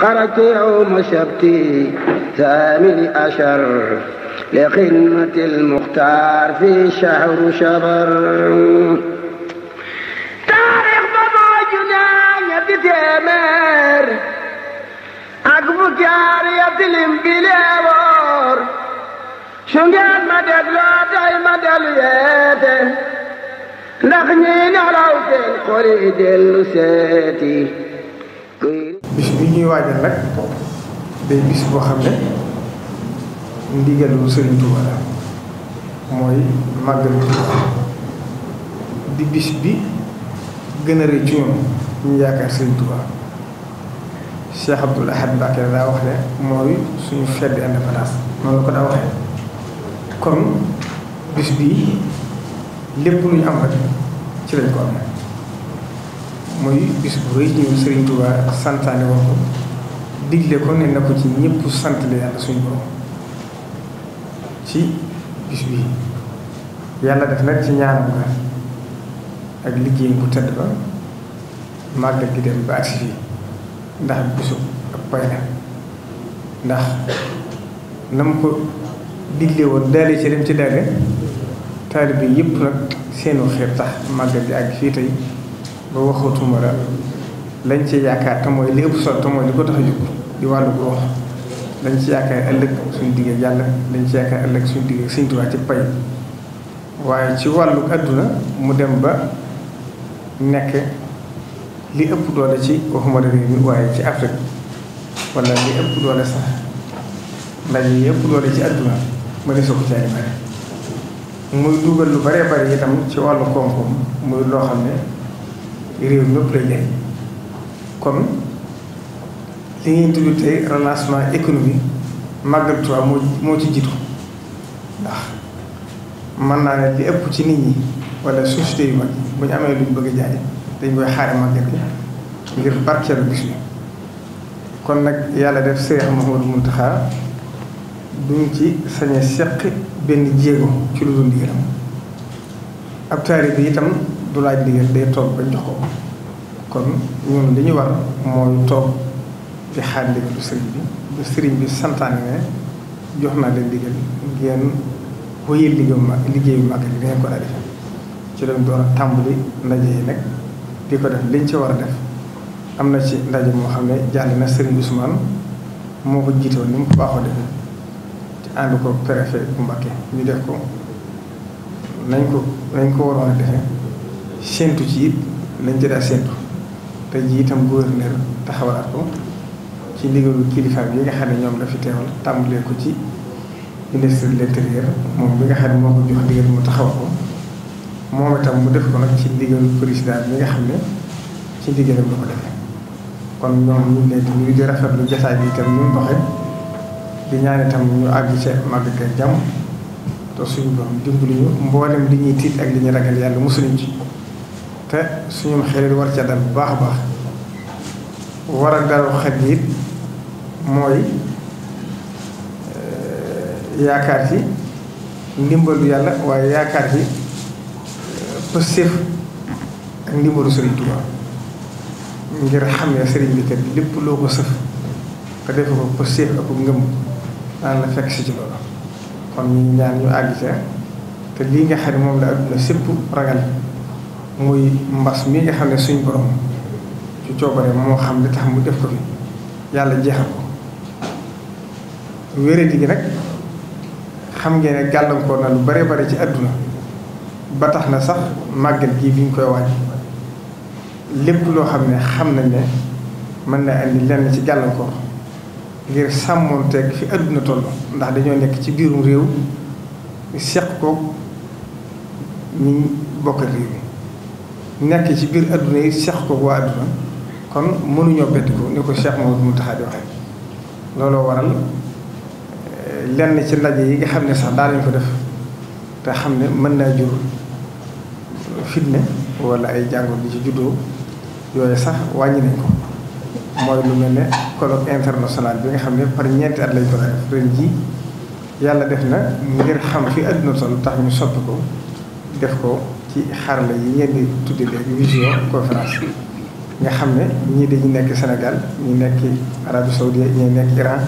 خرجت يوم سبتي ثامن أشر لخدمة المختار في شهر شبر تاريخ بابا جنان بتامر أقفك عارية الانبلاور شنقات مدد لا دايما دلياتي نخنين على وكيل قريد bis bi ñuy waajal nag day bis boo xam ne ndigalu Sëriñ Tuuba la mooy màggalu Tuuba di bis bi gën a rëy ci ñoom ñu yaakaar Sëriñ Tuuba Cheikh Abdoul Ahad Mbacké daa wax ne mooy suñu fête indépendance noonu la ko daa waxee kon bis bii lépp lu ñu am rek ci lañ ko am muy bis bu rëy ñu Serigne Touba santaane woon ko digle ko ne na ko ci ñëpp sant la yàlla suñu borom ci bis bi yàlla def nag ci ñaanam ga ak liggéey bu tëdd ba màggal gi dem ba agsi fii ndax bisu ak pay la ndax na mu ko digle woon daale ci dem ci daale taalibe yëpp nag seenu xeet tax màggal gi àgg fii tey ba waxatuma la lañ ci yaakaar te mooy li ëpp solo te li ko tax a jóg di wàllu ko wax lañ ci yaakaar ëllëg suñu digg ak yàlla lañ ci yaakaar ëllëg suñu digg ak Sëriñ ci pay waaye ci wàllu adduna mu dem ba nekk li ëpp doole ci waxuma réew mi waaye ci Afrique wala li ëpp doole sax ndaje yi ëpp doole ci àdduna ma ne soo ko jaay bare muy dugal lu bare bare itam ci wàllu koom-koom muy loo xam ne réew mépp lay jëriñ kon li ñuy tudd tey relancement économique Màggal moo moo ci jiitu ndax mën naa ne li ëpp ci nit ñi wala société yu mag yi bu ñu amee lu ñu bëgg a jaay dañ koy xaari màggal bi ngir barkeelu gis kon nag yàlla def Seex Mouhamadou Mountakha duñ ci sañ a seq benn jéego ci lu dul ndigalam ab taari bi itam du laaj ndigal day toog ba jox ko kon ñun li war mooy toog di xaar ndigalu sëriñ bi bu sëriñ bi santaane ne jox naa leen ndigal ngeen wéyal liggéeyu mag liggéeyu mag li ngeen ko daal def ci lañ door a tàmbali ndaje yi nag di ko def liñ ci war a def am na ci ndaje moo xam ne jàll na sëriñ Ousmane moo ko jiite ni mu ko baaxoo defee ci ànd ko préfet bu Mbacké ñu def ko nañ ko nañ ko waroon a defe séntu ci it lañ ci daa séntu te ji itam gouverneur taxawalaat ko ci ndigalu kilifa bi nga xam ne ñoom la fi teewal tàmbalee ko ci ministre de l'intérieur moom bi nga xam ne moo ko jox ndigal mu taxaw ko moom itam mu def ko nag ci ndigalu président bi nga xam ne ci ndigalam la ko defee kon ñoom ñu nekk mu di rafetlu jotaay bi itam ñu doxee di ñaan itam ñu àgg ca màgg ak jàmm te suñu borom dimbali ñu mboolem li ñuy tiit ak li ñuy ragal yàlla mosuñu te suñu xel war ca dal bu baax baax war a dal xel yi mooy eh, yaakaar ci ndimbalu yàlla waaye yaakaar ci eh, pëstéef ak ndimbalu Sëriñ Tuubaa ngir xam ne sëriñ bi kat lépp loo ko sëf te defe ko pëstéef ak ngëm daan la fekk si ci loolu kon ñu ñaan ñu àgg ca te lii nga xam ne moom la adduna sépp ragal muy mbas mi nga xam ne suñ borom ci coobare moo xam li tax mu def ko fi yàlla jeexal ko wéradi gi nag xam ngeen ne gàllankoor na lu bare bare ci àdduna ba tax na sax màggal gii bi ñu koy waaj lépp loo xam ne xam nañ ne mën na andi lenn ci gàllankoor ngir teg fi àdduna toll ndax dañoo nekk ci biirum réew seq ko ñi bokk réew mi nekk ci biir adduna yi seq ko waa adduna kon mënuñoo bett ko ni ko Cheikh mu Moutakha di waxee looloo waral eh, lenn ci ndaje yi nga xam ne sax daanañ ko def te xam ne mën naa jur fitne wala ay jàngoor bi ci juddoo yooyu sax wàññi nañ ko mooy lu mel ni colloque international bi nga xam ne par ñeenti at lañ ko def ren ji yàlla def na ngir xam fi adduna toll tax ñu soppi ko def ko ci xarala yi ngeen di tudde léegi visio conférence nga xam ne ñii dañu nekk Sénégal ñi nekk Arabie Saoudite ñi nekk Iran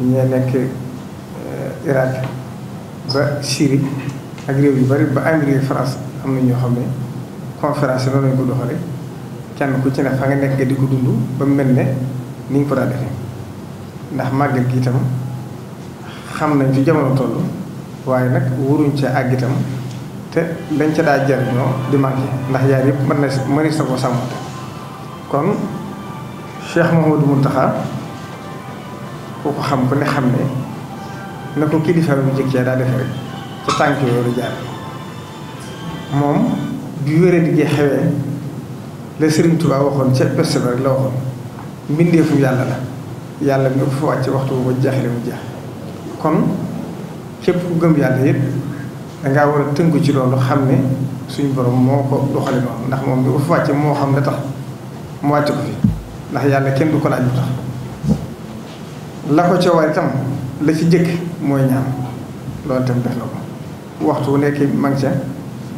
ñi nekk euh, Irak ba Syrie ak réew yu bari ba Amérique France am na ñoo xam ne conférence noonu lañ ko doxale kenn ku ci ne fa nga nekk di ko dund ba mel ne ni ñu ko daa defee ndax màggal gi itam xam nañ fi jamono toll waaye nag waruñ ca àgg te dañ ca daa jariñoo di manqué ndax yaar yëpp mën na mënees na ko sàmmante kon cheikh mahamadou muntaxa ku ko xam ku ne xam ne na ko kilifa bu njëkk yaa daa def rek ca tànk yooyu jaar moom bi wére diggee xewee la sëriñ tubaa waxoon ca peste ba rek la waxoon mbindeefum yàlla la yàlla mi ko fa wàcce waxtu bu jeexale mu jeex kon képp ku gëm yàlla yëpp dangaa war a tënku ci loolu xam ne suñu boroom moo ko doxale noonu ndax moom bi ko fa wàcce moo xam ne tax mu wàcc ko fi ndax yàlla kenn du ko laaj lu tax la ko ca war itam la ci jëkk mooy ñaan loolu itam def na ko waxtu wu nekk mag ca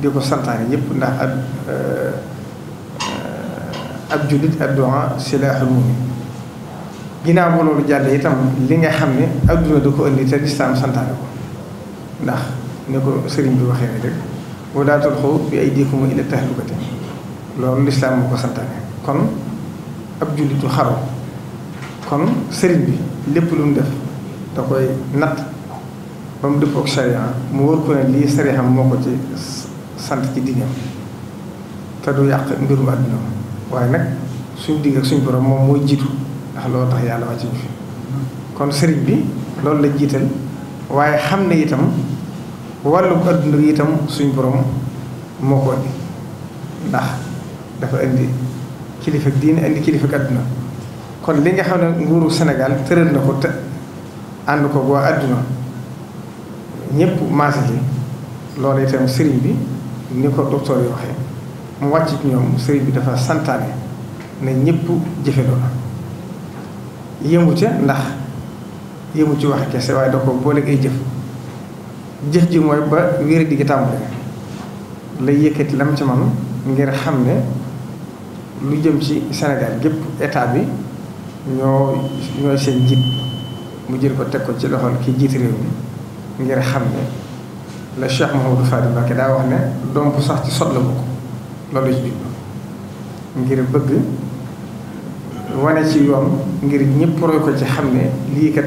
di ko santaane yëpp ndax ab euh, ab jullit addu'a silaaxul mu'min ginnaaw ba loolu jàll itam li nga xam ne adduna da ko indi te lislaam santaane ko ndax ne ko sëriñ bi waxee ni rek wala tulqu bi aydiikum ila tahlukati loolu lislaam moo ko santaane kon ab jullitu xaru kon sëriñ bi lépp lu mu def da koy natt ba mu dëppook sariya mu wóor ko ne lii sariya moo ko ci ci diggam du yàq mbirum àdduna waaye nag suñ digg ak borom moom mooy jiitu ndax tax yàlla wàcc ñu fi kon sëriñ bi loolu la jiital waaye xam ne itam wàllu adduna gi itam suñu borom moo ko indi ndax dafa indi kilifa diin indi kilifa adduna kon li nga xam ne nguuru Sénégal tëral na ko te ànd ko waa adduna ñëpp maase ci loolu itam sëriñ bi ni ko docteur yi waxee mu wàcc ci ñoom sëriñ bi dafa santaane ne ñëpp jëfe loola yëmu ca ndax yëmu ci wax kese waaye da ko booleeg ay jëf jëf ji mooy ba wér di gi tàmbale yëkkati lam ci man ngir xam ne lu jëm ci Sénégal gépp état bi ñoo ñooy seen jiit mu jël ko teg ko ci loxol ki jiit réew mi ngir xam ne la Cheikh Mouhamadou Fadi Mbacké daa wax ne doom bu sax ci sot la bokk loolu ci jublu ngir bëgg wane ci yoon ngir ñëpp roy ko ci xam ne lii kat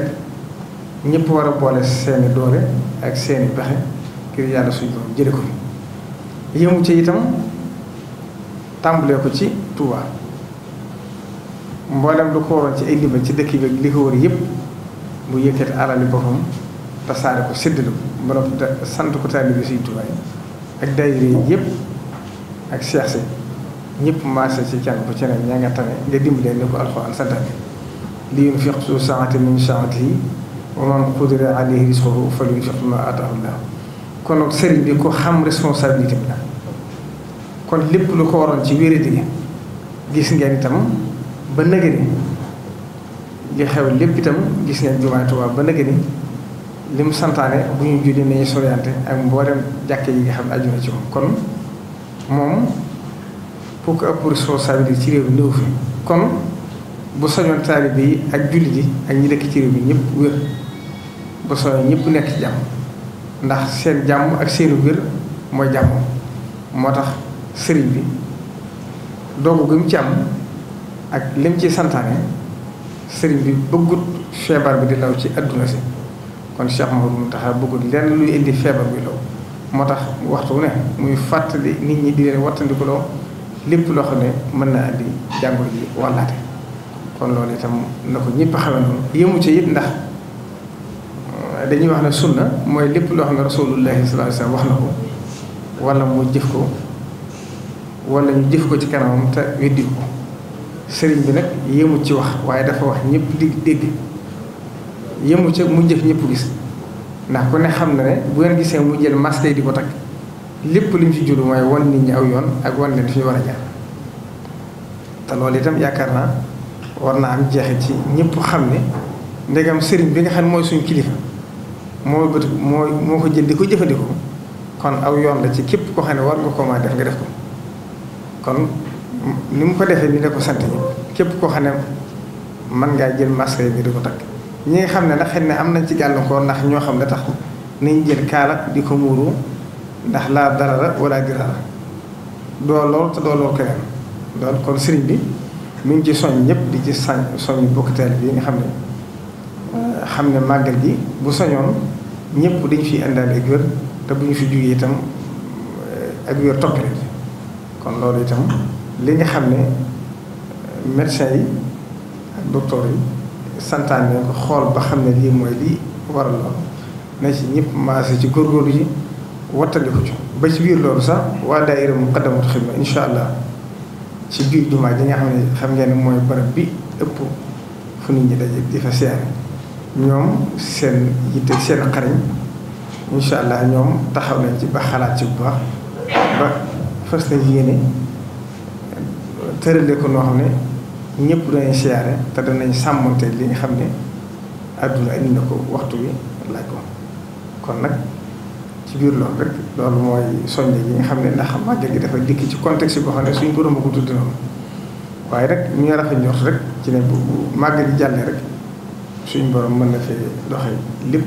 ñëpp war a boole seeni doole ak seeni pexe ngir yàlla suñu borom jële ko fi ci itam tàmbalee ko ci Touba mboolem lu ko waroon ci ay liba ci dëkk bi li ko war yépp mu yëkkati alali boppam tasaare ko séddalu ba noppi sant ko taalibe bi suñu Touba yi ak daayira yi yëpp ak seex si ñëpp marché ci can ko ci ne ña nga tane nga dimbalee ni ko alxuraan santaane li yunfiq su saati min saatihi wa man qudira alayhi rizquhu falyunfiq ma ataahu llah ko xam responsabilité bi lépp lu ko waroon ci wér-gu-yéen gis lépp itam gis ngeen ba nëgë ni santaane bu ñu julli nañu soriante ak mboolem jàkke yi nga xam ne aju moom kon moom pour que ëpp responsabilité ci réew mi kon bu soñoon taalibe yi ak jullit yi ak ñi dëkk ci réew mi ñëpp wér ba sooy ñëpp nekk ci jàmm ndax seen jàmm ak seenu biir mooy jàmm moo tax sëriñ bi doogu gi mu ci am ak lim ci santaane sëriñ bi bëggut feebar bi di law ci adduna si kon Cheikh Mawdo Mountakha bëggut lenn luy indi feebar bi law moo tax waxtu wu ne muy fàttali nit ñi di leen wattandikuloo lépp loo xam ne mën na indi jàngoro ji wàllaate kon loolu itam na ko ñëpp xamee noonu yëmu ci ndax dañuy wax ne sunna mooy lépp loo xam ne rasulullahi sallallahu alayhi wa sallam wax na ko wala moo jëf ko wala ñu jëf ko ci kanamam te weddi ko sëriñ bi nag yëmu ci wax waaye dafa wax ñëpp di dégg yëmu ci mu jëf ñëpp gis ndax ko ne xam na ne bu ngeen gisee mu jël masque di ko takk lépp li mu ci juru mooy wan nit ñi aw yoon ak wan ne fi ñu war a jaar te loolu itam yaakaar naa war naa am jeexe ci ñëpp xam ne ndegam sëriñ bi nga xam ne mooy suñ kilifa moo bët moo moo ko jël di ko jëfandikoo kon aw yoon la ci képp ko xam ne war nga ko maa def nga def ko kon ni mu ko defee ni la ko sant ñëpp képp ko xam ne mën ngaa jël masque bi di ko takk ñi nga xam ne nag xëy na am nañ ci gàllankoor ndax ñoo xam ne tax nañ jël kaala di ko muuru ndax laa la wala dirara doo lool te doo lool keneen loolu kon sëriñ bi mu ngi ci soñ ñëpp di ci sañ soñ bokkiteel bi nga xam ne xamne magal màggal gi bu sañoon ñëpp dañ fi andal ak wér te bu fi jugee itam ak wér topp leen kon loolu itam li nga xamne médecin yi ak docteur yi santane ko xol ba xamne li moy li waral loolu na ci ñëpp maase ci gor gor yi watali ko ci ba ci biir loolu sax wa daayira Muqaddamatul khidma incha allah ci biir jumaa gi nga xamne xam ngeen moy barab bi ëpp fu nit ñi daje di fa siyaare ñoom seen yitte seen xariñ incha allah ñoom taxaw nañ ci ba xalaat ci bu baax ba fas na yéene tërale ko noo xam ne ñëpp danañ siyaare te danañ sàmmante li nga xam ne àdduna indi na ko waxtu wi laaj ko kon nag ci biir loolu rek loolu mooy soññe yi nga xam ne ndax màggal gi dafa dikk ci contexte boo xam ne suñ borom a ko tudd noonu waaye nag ñu nga rafet njort rek ci ne bu màggal yi jàllee rek suñ boroom mën na fee doxe lépp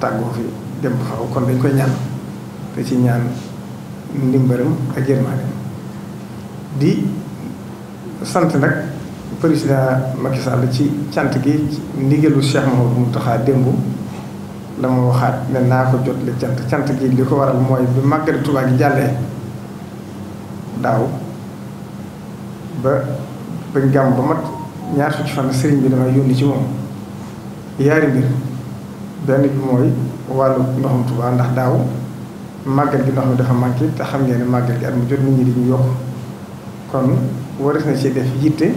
tàggoo fi dem ba kon dañ koy ñaan te ci ñaan ndimbaram ak yërmaandeem di sant nag président Macky Sall ci cant gi ndigalu Cheikh Mahamadou Mountakha démb la ma waxaat ne naa ko jot li cant cant gi li ko waral mooy bi màggali tubaab gi jàllee daaw ba bañ gàmm ba mat ñaar fukki fan sëriñ bi damay yónni ci moom yaari mbir benn bi mooy wàllu ndoxum Tuubaa ndax daaw màggal gi ndox mi dafa manqué te xam ngeen ne màggal gi at mu jot nit ñi di ñu yokk kon waris na ci def yitte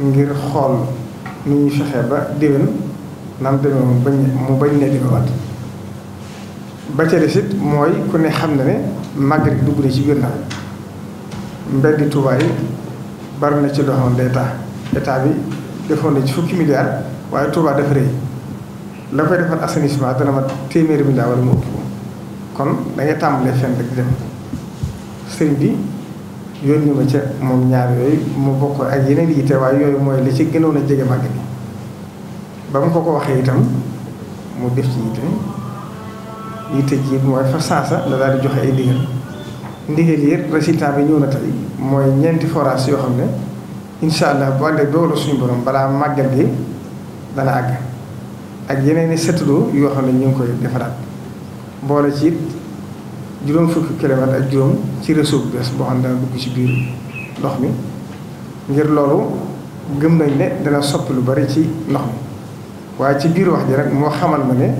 ngir xool ni ñuy fexe ba déwén nam demee mu bañ mu bañ ne di ko waat ba ca des it mooy ku ne xam na ne màggal gi dugg na ci biir nawet mbedd Tuubaa yi bari na ci loo xam ne day tax état bi defoon na ci fukki milliards. waaye Touba dafa la koy defal assainissement dana bi téeméeri milliard a mu ëpp kon da ngay tàmbalee fenn rek dem sëriñ bi yónni ma ca moom ñaar yooyu mu bokk ak yeneen yi te waaye yooyu mooy li ci gënoon a jege màgg bi ba mu ko ko waxee itam mu def ci yitte yitte ji mooy fa saasa la daal di joxe ay ndigal ndigal yi bi ñëw na tey mooy ñeenti forage yoo xam ne incha allah bu àndee doolu suñu borom balaa màggal gi dana àgg ak yeneen i seetlu yoo xam ne ñu ngi koy defaraat boole ci it juróom fukki kilomètre ak juróom ci réseau bu bees boo xam ne dana dugg ci biir ndox mi ngir loolu gëm nañ ne dana sopp lu bari ci ndox mi waaye ci biir wax ji moo xamal ma ne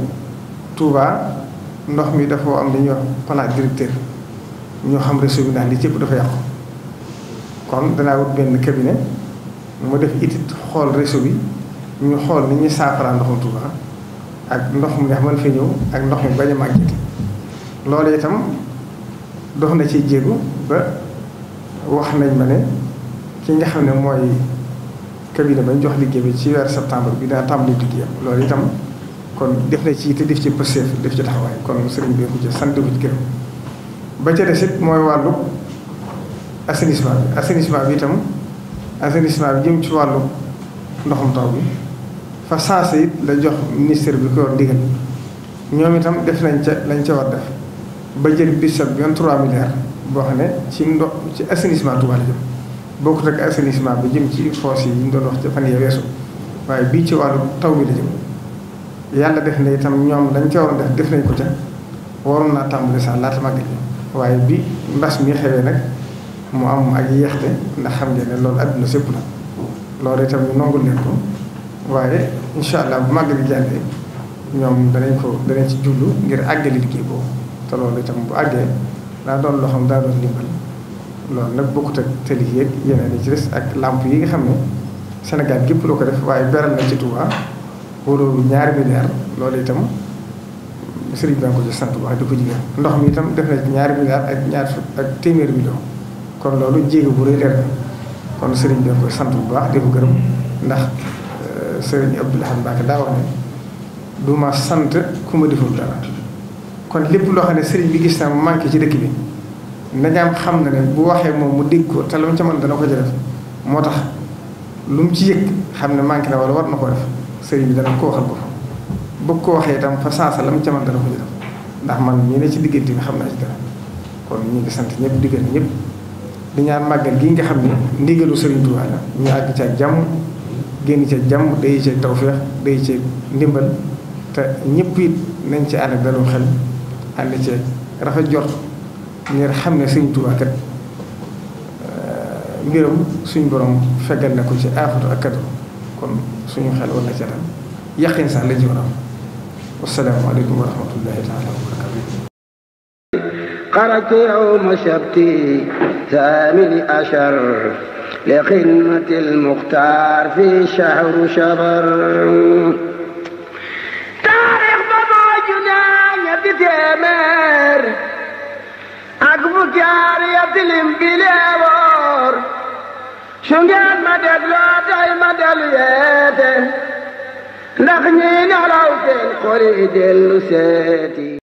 Touba ndox mi dafa am li ñuy wax plan directeur ñoo xam réseau bi ndax li cëpp dafa yàqu kon danaa wut benn cabinet mu def itit xool réseau bi ñu xool ni ñuy saafara ndoxum Touba ak ndox mu neex man fi ñëw ak ndox mu bañ a màggati loolu itam dox na ci jéegu ba wax nañ ma ne ki nga xam ne mooy cabinet bañ jox liggéey bi ci weer septembre bi daa tàmbali liggéeyam loolu itam kon def na ci te def ci pëstéef def ci taxawaay kon sëriñ bi ko ci sant bu ci gërëm ba ca des it mooy wàllu assainissement bi assainissement bi jëm ci wàllu ndoxum taw bi fa saasa it la jox ministère bi ko war digal ñoom itam def nañ ca lañ ca war def ba jël bisab yoon 3 milliards boo xam ne ci ndox ci assainissement Touba la jëm bokkut ak assainissement bi jëm ci fosse yi ñu doon wax ci fan waaye bii ci wàllu taw bi la jëm yàlla def na itam ñoom lañ ca waroon def def nañ ko ca waroon naa tàmbali sax laata màggal waaye bi mbas mi xewee nag mu am ak yeexte ndax xam ngeen ne loolu àdduna sëpp la loolu itam ñu nongul waaye incha allah bu màgg bi jàllee ñoom danañ ko danañ ci jublu ngir àggali liggéey boobu te loolu itam bu àggee daa doon loo xam daa doon ndimbal loolu nag bokkut ak tëli yeneen yi ak làmp yi nga xam ne Sénégal gépp loo ko def waaye beral na ci Touba wóorul ñaari loolu itam sëriñ bi ko jox sant bu baax di ko jigéen ndox mi itam def na ci ñaari milliards ak ñaar ak téeméer million kon loolu jéego bu rëy leer kon sëriñ ko koy sant bu baax di ko gërëm ndax. sëriñ Abdoul Ahad Mbacké daa wax ne du ma sant ku ma deful dara kon lépp loo xam ne sëriñ bi gis naa mu ci dëkk bi ndegam xam na ne bu waxee moom mu dégg ko te lu mu ca ko jëlef moo tax lu mu ci xam ne manqué na wala war na ko def sëriñ bi dana ko ko fa ko waxee itam fa sansa la mu ca mën ko ndax man ñi ne ci diggante bi xam naa ci dara kon ñu ngi sant ñëpp diggante ñëpp di ñaan màggal gi nga xam ne ndigalu sëriñ Tuubaa ñu àgg ci ak jàmm génn ca jàmm day ca tawféex day ca ndimbal te ñëpp it nañ ci ànd dalu xel ànd ci rafet jot ngir xam ne Sëriñ Tuubaa kat ngirum suñ borom fegal na ko ci afatu ak katu kon suñu xel war na ca dal yàqin sax la ci war a am alaykum wa rahmatullahi taala wa barakatuh قرأت يوم سبتي ثامن عشر لخدمة المختار في شهر شبر تاريخ بابا جناية بتامر أقبك عارية الانبلاور شنقات مدد لوتي دايما الويت نخنين على في قريد اللساتي